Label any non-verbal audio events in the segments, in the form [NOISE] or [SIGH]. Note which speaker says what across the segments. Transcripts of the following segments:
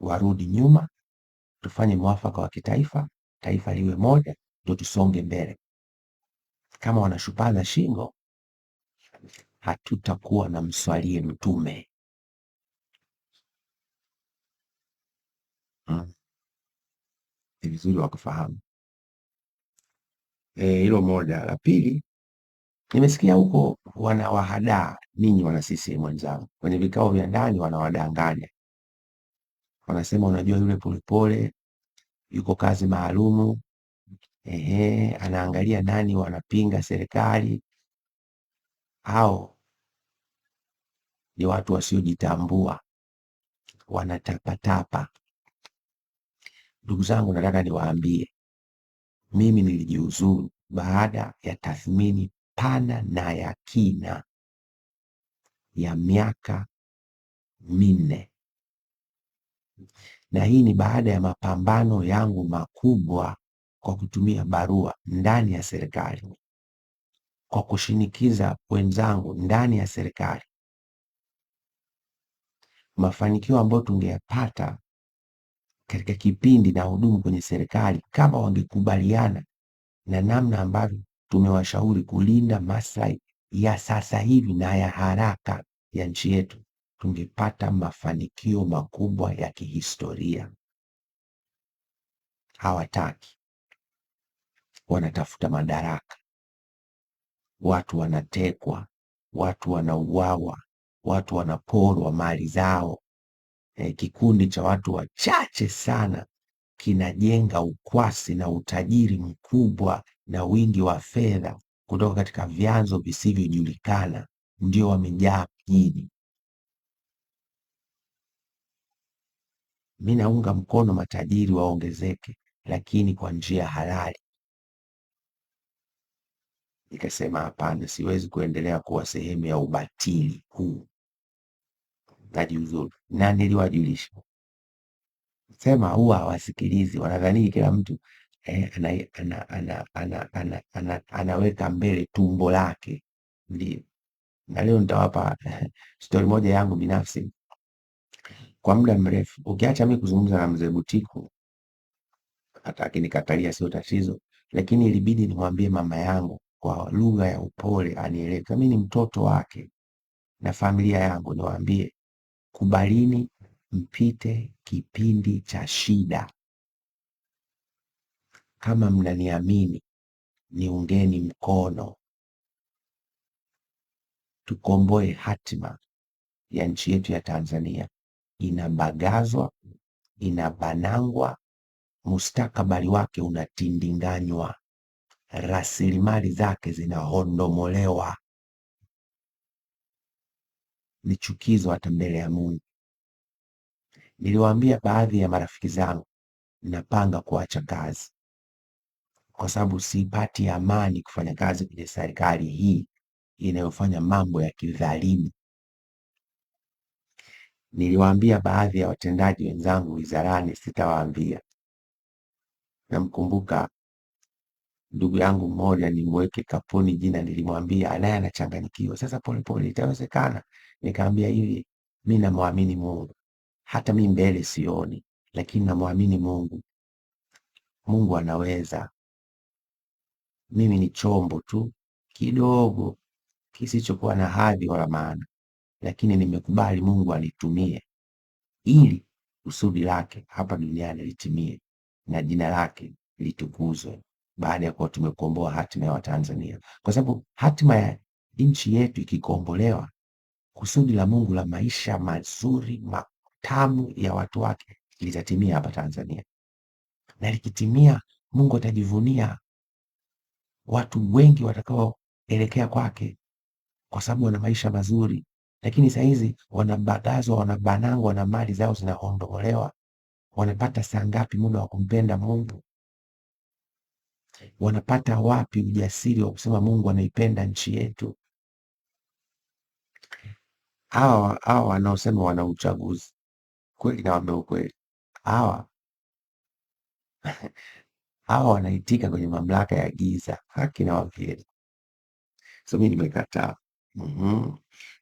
Speaker 1: warudi nyuma, tufanye mwafaka wa kitaifa, taifa liwe moja, ndio tusonge mbele. Kama wanashupaza shingo, hatutakuwa na mswalie mtume hmm. Ni vizuri wakufahamu eh, hilo e, moja. La pili, nimesikia huko wanawahadaa ninyi wana CCM wenzangu kwenye vikao vya ndani, wanawadanganya wanasema unajua, yule Polepole yuko kazi maalumu, ehe, anaangalia nani wanapinga serikali. au ni watu wasiojitambua, wanatapatapa. Ndugu zangu, nataka niwaambie, mimi nilijiuzuru baada ya tathmini pana na ya kina ya miaka minne na hii ni baada ya mapambano yangu makubwa kwa kutumia barua ndani ya serikali, kwa kushinikiza wenzangu ndani ya serikali. Mafanikio ambayo tungeyapata katika kipindi na hudumu kwenye serikali kama wangekubaliana na namna ambavyo tumewashauri kulinda maslahi ya sasa hivi na ya haraka ya nchi yetu tungepata mafanikio makubwa ya kihistoria. Hawataki, wanatafuta madaraka. Watu wanatekwa, watu wanauawa, watu wanaporwa mali zao. E, kikundi cha watu wachache sana kinajenga ukwasi na utajiri mkubwa na wingi wa fedha kutoka katika vyanzo visivyojulikana, ndio wamejaa mjini. mi naunga mkono matajiri waongezeke, lakini kwa njia halali. Nikasema hapana, siwezi kuendelea kuwa sehemu ya ubatili huu, najiuzuru. Na niliwajulisha sema, huwa hawasikilizi, wanadhani kila mtu eh, ana, ana, ana, ana, ana, ana, anaweka mbele tumbo lake, ndio na leo nitawapa [LAUGHS] stori moja yangu binafsi kwa muda mrefu. Ukiacha mi kuzungumza na mzee Butiku, hata akinikatalia sio tatizo, lakini ilibidi nimwambie mama yangu kwa lugha ya upole anielewe. Mimi ni mtoto wake na familia yangu, niwaambie kubalini, mpite kipindi cha shida. Kama mnaniamini, niungeni mkono, tukomboe hatima ya nchi yetu ya Tanzania inabagazwa, inabanangwa, mustakabali wake unatindinganywa, rasilimali zake zinahondomolewa. Ni chukizo hata mbele ya Mungu. Niliwaambia baadhi ya marafiki zangu, napanga kuacha kazi kwa sababu sipati amani kufanya kazi kwenye serikali hii inayofanya mambo ya kidhalimu Niliwaambia baadhi ya watendaji wenzangu wizarani, sitawaambia. Namkumbuka ndugu yangu mmoja, nimweke kapuni jina, nilimwambia naye anachanganyikiwa. Sasa polepole itawezekana. Nikaambia hivi, mi namwamini Mungu, hata mi mbele sioni, lakini namwamini Mungu. Mungu anaweza, mimi ni chombo tu kidogo kisichokuwa na hadhi wala maana lakini nimekubali Mungu alitumie ili kusudi lake hapa duniani litimie na jina lake litukuzwe, baada ya kuwa tumekomboa hatima ya Watanzania, kwa sababu hatima ya nchi yetu ikikombolewa, kusudi la Mungu la maisha mazuri matamu ya watu wake litatimia hapa Tanzania, na likitimia, Mungu atajivunia watu wengi watakaoelekea kwake, kwa sababu wana maisha mazuri lakini saa hizi wanabagazwa, wanabanangwa na mali zao zinaondolewa. Wanapata saa ngapi muda wa kumpenda Mungu? Wanapata wapi ujasiri wa kusema Mungu anaipenda nchi yetu? Hawa hawa wanaosema wana uchaguzi kweli na wameukweli hawa [LAUGHS] hawa wanaitika kwenye mamlaka ya giza, haki na wavyeli. So mi nimekataa. mm -hmm.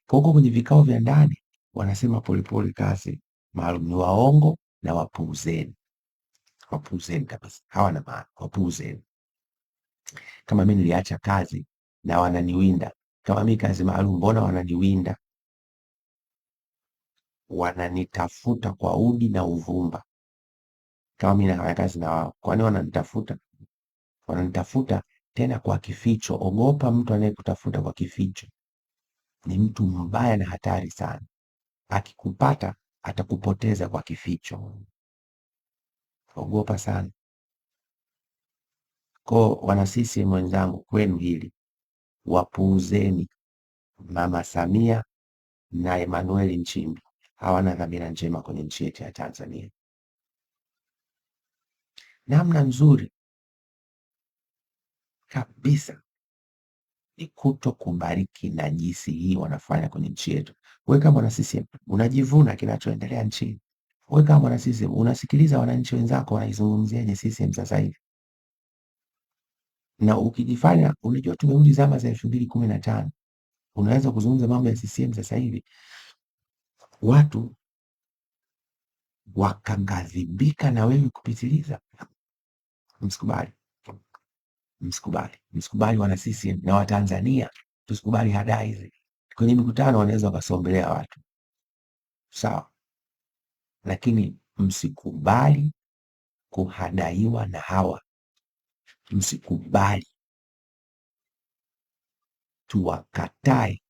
Speaker 1: Kwa huko kwenye vikao vya ndani wanasema Polepole kazi maalum, ni waongo na wapuuzeni, wapuuzeni kabisa, hawana maana, wapuuzeni. Kama mi niliacha kazi na wananiwinda, kama mi kazi maalum, mbona wananiwinda? Wananitafuta kwa udi na uvumba. Kama mi nafanya kazi na wao, kwani wananitafuta? Wananitafuta tena kwa kificho. Ogopa mtu anayekutafuta kwa kificho ni mtu mbaya na hatari sana. Akikupata atakupoteza kwa kificho, ogopa sana. Ko wana CCM wenzangu, kwenu hili, wapuuzeni Mama Samia na Emmanuel Nchimbi, hawana dhamira njema kwenye nchi yetu ya Tanzania. Namna nzuri kabisa ni kuto kubariki na jinsi hii wanafanya kwenye nchi yetu. Wewe kama mwana CCM unajivuna kinachoendelea nchini. Wewe kama mwana CCM unasikiliza wananchi wenzako wanaizungumziaje CCM sasa hivi? Na ukijifanya unajua tumerudi zama za elfu mbili kumi na tano unaweza kuzungumza mambo ya CCM sasa hivi, watu wakaghadhibika na wewe kupitiliza. Msikubali msikubali, msikubali wana sisi na Watanzania, tusikubali hada hizi. Kwenye mikutano wanaweza wakasombelea watu sawa, lakini msikubali kuhadaiwa na hawa, msikubali tuwakatae